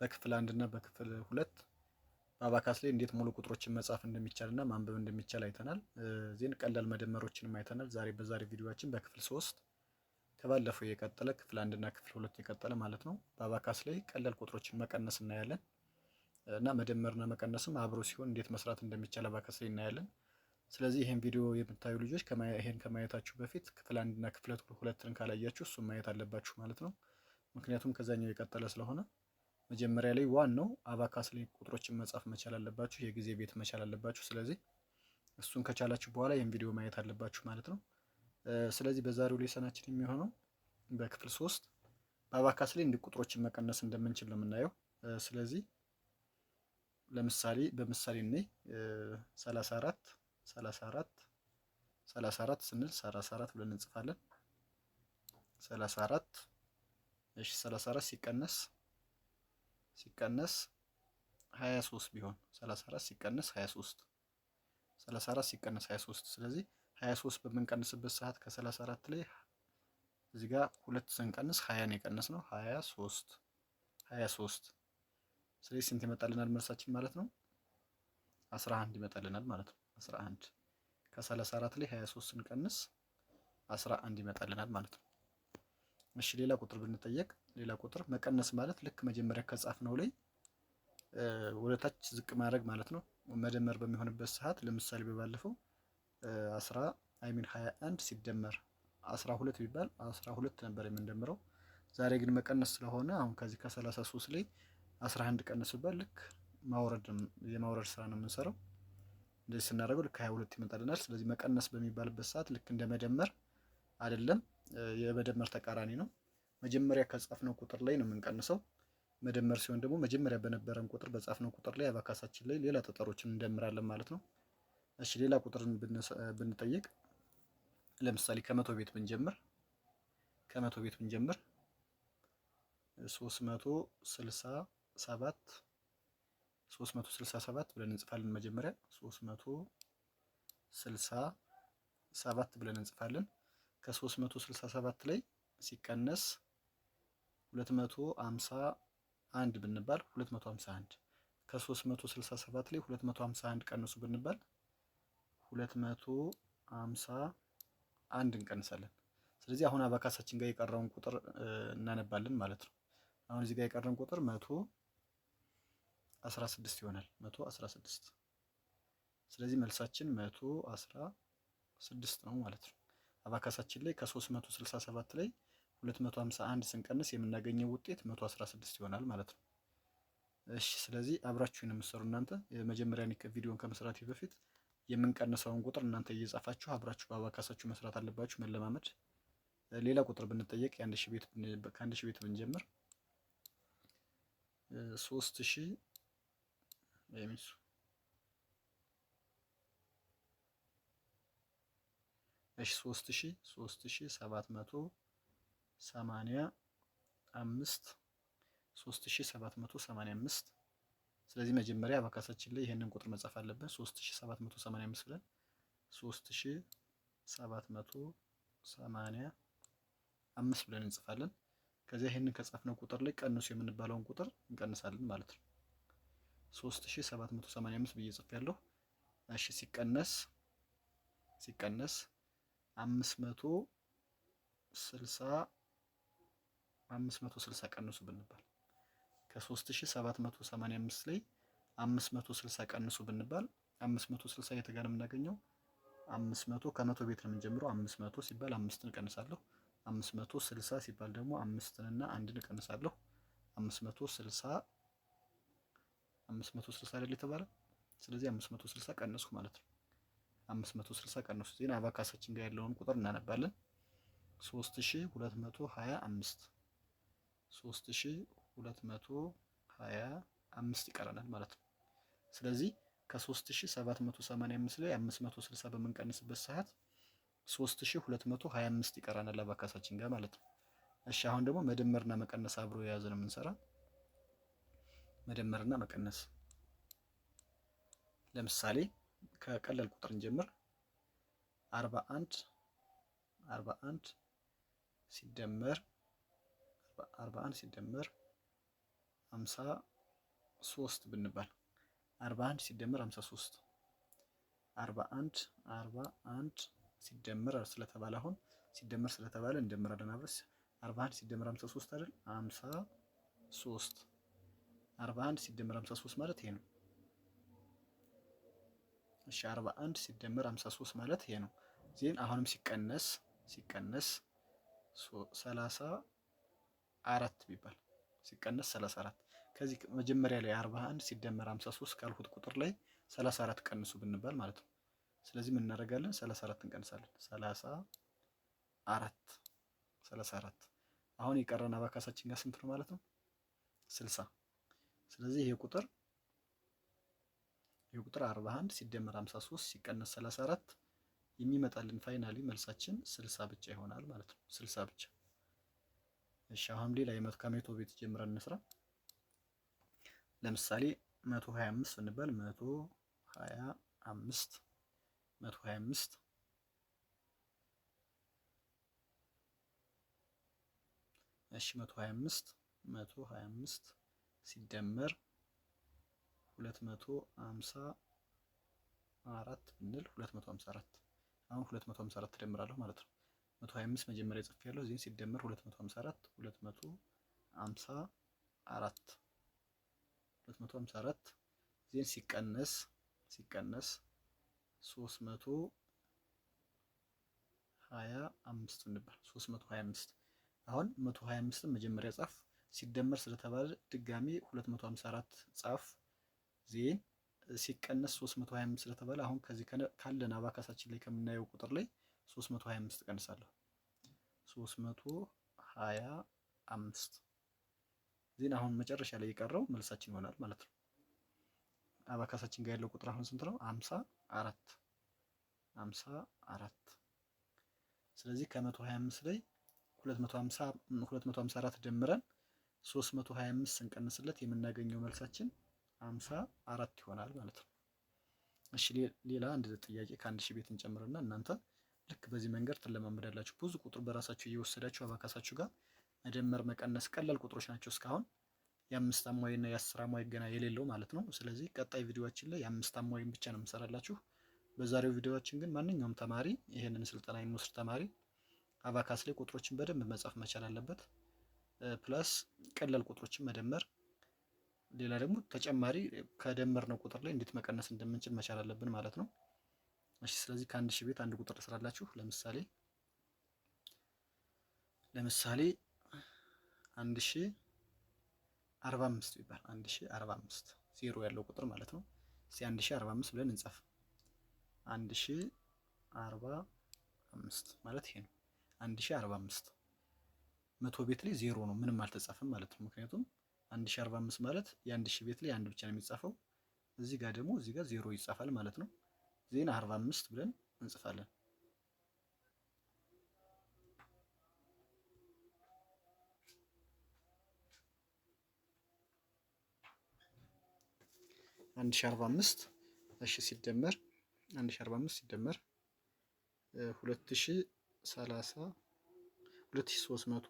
በክፍል አንድ እና በክፍል ሁለት በአባካስ ላይ እንዴት ሙሉ ቁጥሮችን መጻፍ እንደሚቻል እና ማንበብ እንደሚቻል አይተናል። ዜን ቀላል መደመሮችንም አይተናል። ዛሬ በዛሬ ቪዲዮችን በክፍል ሶስት ከባለፈው የቀጠለ ክፍል አንድ እና ክፍል ሁለት የቀጠለ ማለት ነው። በአባካስ ላይ ቀላል ቁጥሮችን መቀነስ እናያለን እና መደመርና መቀነስም አብሮ ሲሆን እንዴት መስራት እንደሚቻል አባካስ ላይ እናያለን። ስለዚህ ይህን ቪዲዮ የምታዩ ልጆች ይህን ከማየታችሁ በፊት ክፍል እና ክፍል ሁለትን ካላያችሁ እሱም ማየት አለባችሁ ማለት ነው። ምክንያቱም ከዛኛው የቀጠለ ስለሆነ መጀመሪያ ላይ ዋናው አባካስ ላይ ቁጥሮችን መጻፍ መቻል አለባችሁ። የጊዜ ቤት መቻል አለባችሁ። ስለዚህ እሱን ከቻላችሁ በኋላ ይህን ቪዲዮ ማየት አለባችሁ ማለት ነው። ስለዚህ በዛሬው ሌሰናችን የሚሆነው በክፍል ሶስት በአባካስ ላይ እንደ ቁጥሮችን መቀነስ እንደምንችል ነው የምናየው። ስለዚህ ለምሳሌ በምሳሌ እኔ 34 34 34 ስንል ሰላሳ ብለን እንጽፋለን። 34 እሺ፣ 34 ሲቀነስ ሲቀነስ 23 ቢሆን 34 ሲቀነስ 23 34 ሲቀነስ 23። ስለዚህ 23 በምንቀንስበት ሰዓት ከ34 ላይ እዚህ ጋር ሁለት ስንቀንስ 20 ነው የቀነስ ነው 23 23። ስለዚህ ስንት ይመጣልናል መልሳችን ማለት ነው? 11 ይመጣልናል ማለት ነው። 11 ከ34 ላይ 23 ስንቀንስ 11 ይመጣልናል ማለት ነው። እሺ ሌላ ቁጥር ብንጠየቅ ሌላ ቁጥር መቀነስ ማለት ልክ መጀመሪያ ከጻፍ ነው ላይ ወደታች ዝቅ ማድረግ ማለት ነው። መደመር በሚሆንበት ሰዓት ለምሳሌ በባለፈው አስራ አይሚን ሀያ አንድ ሲደመር አስራ ሁለት ቢባል አስራ ሁለት ነበር የምንደምረው። ዛሬ ግን መቀነስ ስለሆነ አሁን ከዚህ ከሰላሳ ሶስት ላይ አስራ አንድ ቀነስ ቢባል ልክ ማውረድ የማውረድ ስራ ነው የምንሰራው። እንደዚህ ስናደርገው ልክ ሀያ ሁለት ይመጣልናል። ስለዚህ መቀነስ በሚባልበት ሰዓት ልክ እንደ መደመር አይደለም፣ የመደመር ተቃራኒ ነው። መጀመሪያ ከጻፍነው ቁጥር ላይ ነው የምንቀንሰው። መደመር ሲሆን ደግሞ መጀመሪያ በነበረን ቁጥር በጻፍነው ቁጥር ላይ አባካሳችን ላይ ሌላ ጠጠሮችን እንደምራለን ማለት ነው። እሺ ሌላ ቁጥርን ብንጠይቅ ለምሳሌ ከመቶ ቤት ብንጀምር ከመቶ ቤት ብንጀምር ሶስት መቶ ስልሳ ሰባት ሶስት መቶ ስልሳ ሰባት ብለን እንጽፋለን። መጀመሪያ ሶስት መቶ ስልሳ ሰባት ብለን እንጽፋለን። ከሶስት መቶ ስልሳ ሰባት ላይ ሲቀነስ 251 ብንባል 251 ከ367 ላይ 251 ቀንሱ ብንባል 251 እንቀንሳለን። ስለዚህ አሁን አባካሳችን ጋር የቀረውን ቁጥር እናነባለን ማለት ነው። አሁን እዚህ ጋር የቀረውን ቁጥር 116 ይሆናል። 116 ስለዚህ መልሳችን 116 ነው ማለት ነው። አባካሳችን ላይ ከ367 ላይ 251 ስንቀንስ የምናገኘው ውጤት 116 ይሆናል ማለት ነው። እሺ ስለዚህ አብራችሁን የምትሰሩ እናንተ የመጀመሪያ ቪዲዮን ከመስራት በፊት የምንቀንሰውን ቁጥር እናንተ እየጻፋችሁ አብራችሁ በአባካሳችሁ መስራት አለባችሁ መለማመድ። ሌላ ቁጥር ብንጠየቅ ቤት ከአንድ ሺህ ቤት ብንጀምር ሶስት ሺህ ሶስት ሺህ ሰባት መቶ ሰማንያ አምስት ሶስት ሺ ሰባት መቶ ሰማንያ አምስት ስለዚህ መጀመሪያ አባካሳችን ላይ ይሄንን ቁጥር መጻፍ አለብን። 3785 ብለን 3785 ብለን እንጽፋለን። ከዚያ ይሄንን ከጻፍነው ቁጥር ላይ ቀንሱ የምንባለውን ቁጥር እንቀንሳለን ማለት ነው። 3785 ብዬ ጽፌያለሁ። እሺ ሲቀነስ ሲቀነስ 560 አምስት መቶ ስልሳ ቀንሱ ብንባል ከሶስት ሺህ ሰባት መቶ ሰማንያ አምስት ላይ አምስት መቶ ስልሳ ቀንሱ ብንባል አምስት መቶ ስልሳ የት ጋር የምናገኘው? አምስት መቶ ከመቶ ቤት ነው የምንጀምረው። አምስት መቶ ሲባል አምስትን እቀንሳለሁ። አምስት መቶ ስልሳ ሲባል ደግሞ አምስትንና አንድን እቀንሳለሁ። አምስት መቶ ስልሳ አምስት መቶ ስልሳ አይደል የተባለ? ስለዚህ አምስት መቶ ስልሳ ማለት ነው። አምስት መቶ ስልሳ ዜና አባካሳችን ጋር ያለውን ቁጥር እናነባለን። ሶስት ሺህ ሁለት መቶ ሀያ አምስት ሶስት ሺ ሁለት መቶ ሀያ አምስት ይቀረናል ማለት ነው። ስለዚህ ከሶስት ሺ ሰባት መቶ ሰማንያ አምስት ላይ አምስት መቶ ስልሳ በምንቀንስበት ሰዓት ሶስት ሺ ሁለት መቶ ሀያ አምስት ይቀረናል አባካሳችን ጋር ማለት ነው። እሺ አሁን ደግሞ መደመርና መቀነስ አብሮ የያዘ ነው የምንሰራ። መደመርና መቀነስ ለምሳሌ ከቀለል ቁጥር እንጀምር። አርባ አንድ አርባ አንድ ሲደመር 41 ሲደመር 53 ብንባል 41 ሲደመር 53 41 41 ሲደመር ስለተባለ አሁን ሲደመር ስለተባለ እንደምራለን አብረስ 41 ሲደመር 53 አይደል 53 41 ሲደመር 53 ማለት ይሄ ነው። እሺ 41 ሲደመር 53 ማለት ይሄ ነው። ዜን አሁንም ሲቀነስ ሲቀነስ 30 አራት ቢባል ሲቀነስ 34 ከዚህ መጀመሪያ ላይ 41 ሲደመር 53 ካልሁት ቁጥር ላይ 34 ቀንሱ ብንባል ማለት ነው። ስለዚህ ምን እናደርጋለን? 34 እንቀንሳለን። 34 34 አሁን የቀረን አባካሳችን ጋር ስንት ነው ማለት ነው? 60 ስለዚህ ይሄ ቁጥር ይሄ ቁጥር 41 ሲደመር 53 ሲቀነስ 34 የሚመጣልን ፋይናሊ መልሳችን 60 ብቻ ይሆናል ማለት ነው። 60 ብቻ እሺ ሐምሌ ላይ ከመቶ ቤት ጀምረን እንስራ። ለምሳሌ መቶ ሀያ 125 125 እሺ 125 125 ሲደመር ሁለት አራት ብንል 254 አሁን 254 ትደምራለሁ ማለት ነው። መቶ መጀመሪያ አምስት መጀመሪያ ጽፌያለሁ። ሲደመር ሁለት 254 254 አራት ሲቀነስ ሲቀነስ 325 መቶ ሀያ ነበር። አሁን 125 መጀመሪያ ጻፍ ሲደመር ስለተባለ ድጋሚ 254 ጻፍ ዜን ሲቀነስ 325 ስለተባለ አሁን ከዚህ ካለን አባካሳችን ላይ ከምናየው ቁጥር ላይ 325 ቀንሳለሁ። 325 ዜን አሁን መጨረሻ ላይ የቀረው መልሳችን ይሆናል ማለት ነው። አባካሳችን ጋር ያለው ቁጥር አሁን ስንት ነው? 54 54 ስለዚህ ከ125 ላይ 250 254 ደምረን 325 ስንቀንስለት የምናገኘው መልሳችን 54 ይሆናል ማለት ነው። እሺ ሌላ አንድ ጥያቄ ከአንድ ሺህ ቤት እንጨምርና እናንተ ልክ በዚህ መንገድ ትለማመዳላችሁ። ብዙ ቁጥር በራሳችሁ እየወሰዳችሁ አባካሳችሁ ጋር መደመር መቀነስ ቀላል ቁጥሮች ናቸው። እስካሁን የአምስት አማዊና የአስር አማዊ ገና የሌለው ማለት ነው። ስለዚህ ቀጣይ ቪዲዮችን ላይ የአምስት አማዊን ብቻ ነው የምሰራላችሁ። በዛሬው ቪዲዮችን ግን ማንኛውም ተማሪ ይህንን ስልጠና የሚወስድ ተማሪ አባካስ ላይ ቁጥሮችን በደንብ መጻፍ መቻል አለበት። ፕላስ ቀላል ቁጥሮችን መደመር፣ ሌላ ደግሞ ተጨማሪ ከደመርነው ቁጥር ላይ እንዴት መቀነስ እንደምንችል መቻል አለብን ማለት ነው። እሺ ስለዚህ ከአንድ ሺህ ቤት አንድ ቁጥር ትስራላችሁ። ለምሳሌ ለምሳሌ አንድ ሺህ አርባ አምስት ቢባል አንድ ሺህ አርባ አምስት ዜሮ ያለው ቁጥር ማለት ነው። እስቲ አንድ ሺህ አርባ አምስት ብለን እንጻፍ። አንድ ሺህ አርባ አምስት ማለት ይሄ ነው። አንድ ሺህ አርባ አምስት መቶ ቤት ላይ ዜሮ ነው፣ ምንም አልተጻፈም ማለት ነው። ምክንያቱም አንድ ሺህ አርባ አምስት ማለት የአንድ ሺህ ቤት ላይ አንድ ብቻ ነው የሚጻፈው። እዚህ ጋር ደግሞ እዚህ ጋር ዜሮ ይጻፋል ማለት ነው። ዜና 45 ብለን እንጽፋለን። አንድ ሺ አርባ አምስት እሺ ሲደመር አንድ ሺ አርባ አምስት ሲደመር ሁለት ሺ ሰላሳ ሁለት ሺ ሶስት መቶ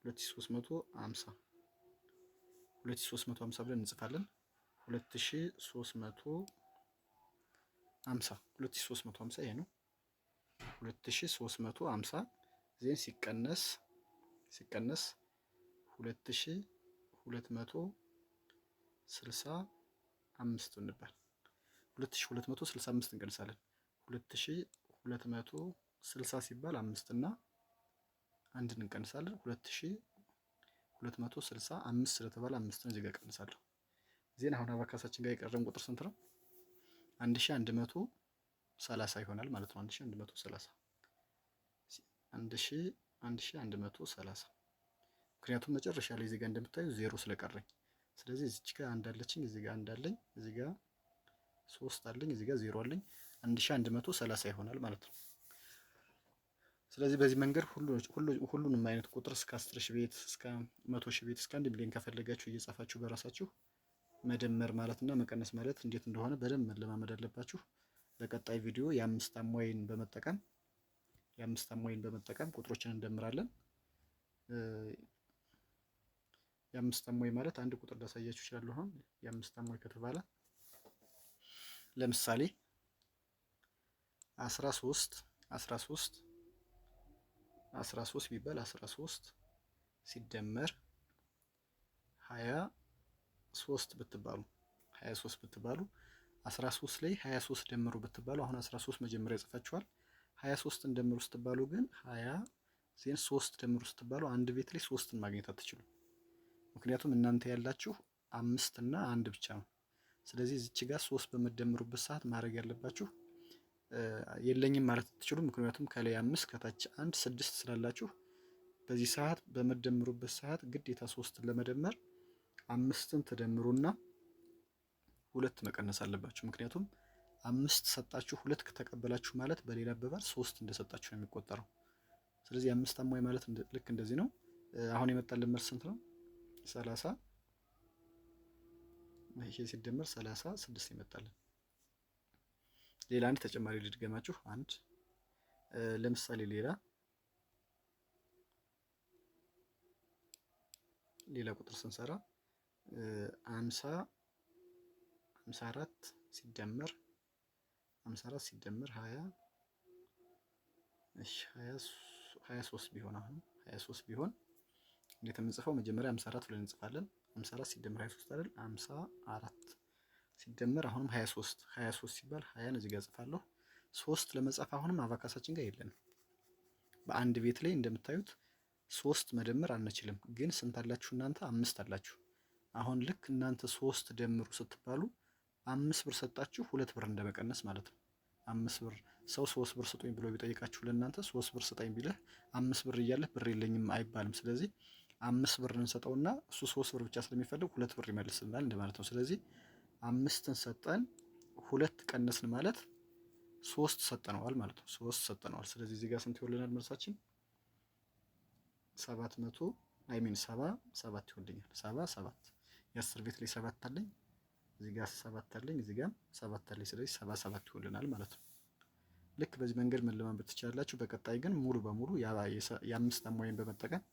ሁለት ሺ ሶስት መቶ አምሳ ሁለት ሺ ሶስት መቶ አምሳ ብለን እንጽፋለን። ሁለት ሺ ሶስት መቶ 50 2350 ይሄ ነው 2350 ዜን ሲቀነስ ሲቀነስ 2265 እንበል 2265 እንቀንሳለን 2260 ሲባል 5 እና አንድን እንቀንሳለን 2265 ስለተባለ 5ን እዚህ ጋር ቀንሳለሁ ዜን አሁን አባካሳችን ጋር የቀረን ቁጥር ስንት ነው አንድ ሺ አንድ መቶ ሰላሳ ይሆናል ማለት ነው። አንድ ሺህ አንድ መቶ ሰላሳ አንድ አንድ አንድ መቶ ሰላሳ ምክንያቱም መጨረሻ ላይ እዚጋ እንደምታዩ ዜሮ ስለቀረኝ ስለዚህ እዚች ጋር አንድ አለችኝ፣ እዚህ ጋር አንድ አለኝ፣ እዚህ ጋር ሶስት አለኝ፣ እዚህ ጋር ዜሮ አለኝ። አንድ አንድ መቶ ሰላሳ ይሆናል ማለት ነው። ስለዚህ በዚህ መንገድ ሁሉንም አይነት ቁጥር እስከ አስር ቤት እስከ መቶ ሺህ ቤት እስከ አንድ ሚሊዮን ከፈለጋችሁ እየጻፋችሁ በራሳችሁ መደመር ማለት እና መቀነስ ማለት እንዴት እንደሆነ በደንብ መለማመድ አለባችሁ። በቀጣይ ቪዲዮ የአምስት አሞይን በመጠቀም የአምስት አሞይን በመጠቀም ቁጥሮችን እንደምራለን። የአምስት አሞይ ማለት አንድ ቁጥር ላሳያችሁ ይችላሉ። አሁን የአምስት አሞይ ከተባለ ለምሳሌ አስራ ሶስት አስራ ሶስት አስራ ሶስት ቢባል አስራ ሶስት ሲደመር ሀያ ሶስት ብትባሉ ሀያ ሶስት ብትባሉ አስራ ሶስት ላይ ሀያ ሶስት ደምሩ ብትባሉ አሁን አስራ ሶስት መጀመሪያ ጽፋችኋል። ሀያ ሶስትን ደምሩ ስትባሉ ግን ሀያ ዜን ሶስት ደምሩ ስትባሉ አንድ ቤት ላይ ሶስትን ማግኘት አትችሉ። ምክንያቱም እናንተ ያላችሁ አምስት እና አንድ ብቻ ነው። ስለዚህ እዚች ጋር ሶስት በምትደምሩበት ሰዓት ማድረግ ያለባችሁ የለኝም ማለት አትችሉ። ምክንያቱም ከላይ አምስት ከታች አንድ ስድስት ስላላችሁ በዚህ ሰዓት በምትደምሩበት ሰዓት ግዴታ ሶስትን ለመደመር አምስትን ትደምሩና ሁለት መቀነስ አለባችሁ። ምክንያቱም አምስት ሰጣችሁ ሁለት ከተቀበላችሁ ማለት በሌላ አባባል ሶስት እንደሰጣችሁ ነው የሚቆጠረው። ስለዚህ አምስት አሟይ ማለት ልክ እንደዚህ ነው። አሁን የመጣልን መልስ ስንት ነው? ሰላሳ ይሄ ሲደመር ሰላሳ ስድስት ይመጣልን። ሌላ አንድ ተጨማሪ ልድገማችሁ። አንድ ለምሳሌ ሌላ ሌላ ቁጥር ስንሰራ አምሳ አምሳ አራት ሲደመር አምሳ አራት ሲደመር ሀያ እሺ ሀያ ሶስት ቢሆን አሁን ሀያ ሶስት ቢሆን እንዴት የምንጽፈው? መጀመሪያ አምሳ አራት ብለን እንጽፋለን። አምሳ አራት ሲደመር ሀያ ሶስት አይደል? አምሳ አራት ሲደመር አሁንም ሀያ ሶስት ሀያ ሶስት ሲባል ሀያን እዚህ ጋር ጽፋለሁ። ሶስት ለመጻፍ አሁንም አባካሳችን ጋር የለንም። በአንድ ቤት ላይ እንደምታዩት ሶስት መደመር አንችልም። ግን ስንት አላችሁ እናንተ? አምስት አላችሁ። አሁን ልክ እናንተ ሶስት ደምሩ ስትባሉ አምስት ብር ሰጣችሁ ሁለት ብር እንደመቀነስ ማለት ነው። አምስት ብር ሰው ሶስት ብር ስጡኝ ብሎ ቢጠይቃችሁ ለእናንተ ሶስት ብር ስጠኝ ቢለህ አምስት ብር እያለህ ብር የለኝም አይባልም። ስለዚህ አምስት ብር እንሰጠውና እሱ ሶስት ብር ብቻ ስለሚፈልግ ሁለት ብር ይመልስልናል እንደማለት ነው። ስለዚህ አምስትን ሰጠን ሁለት ቀነስን ማለት ሶስት ሰጠነዋል ማለት ነው። ሶስት ሰጠነዋል። ስለዚህ እዚህ ጋር ስንት ይወልናል መልሳችን? ሰባት መቶ ሚን ሰባ ሰባት ይወልኛል። ሰባ ሰባት የአስር ቤት ላይ ሰባት አለኝ እዚህ ጋር ሰባት አለኝ እዚህ ጋር ሰባት አለኝ። ስለዚህ ሰባ ሰባት ይሆንልናል ማለት ነው። ልክ በዚህ መንገድ መለማመድ ትችላላችሁ። በቀጣይ ግን ሙሉ በሙሉ የአምስት አሟይን በመጠቀም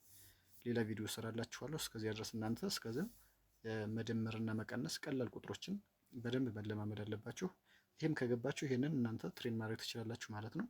ሌላ ቪዲዮ ስራላችኋለሁ። እስከዚያ ድረስ እናንተ እስከዚያ መደመርና መቀነስ ቀላል ቁጥሮችን በደንብ መለማመድ አለባችሁ። ይህም ከገባችሁ ይህንን እናንተ ትሬን ማድረግ ትችላላችሁ ማለት ነው።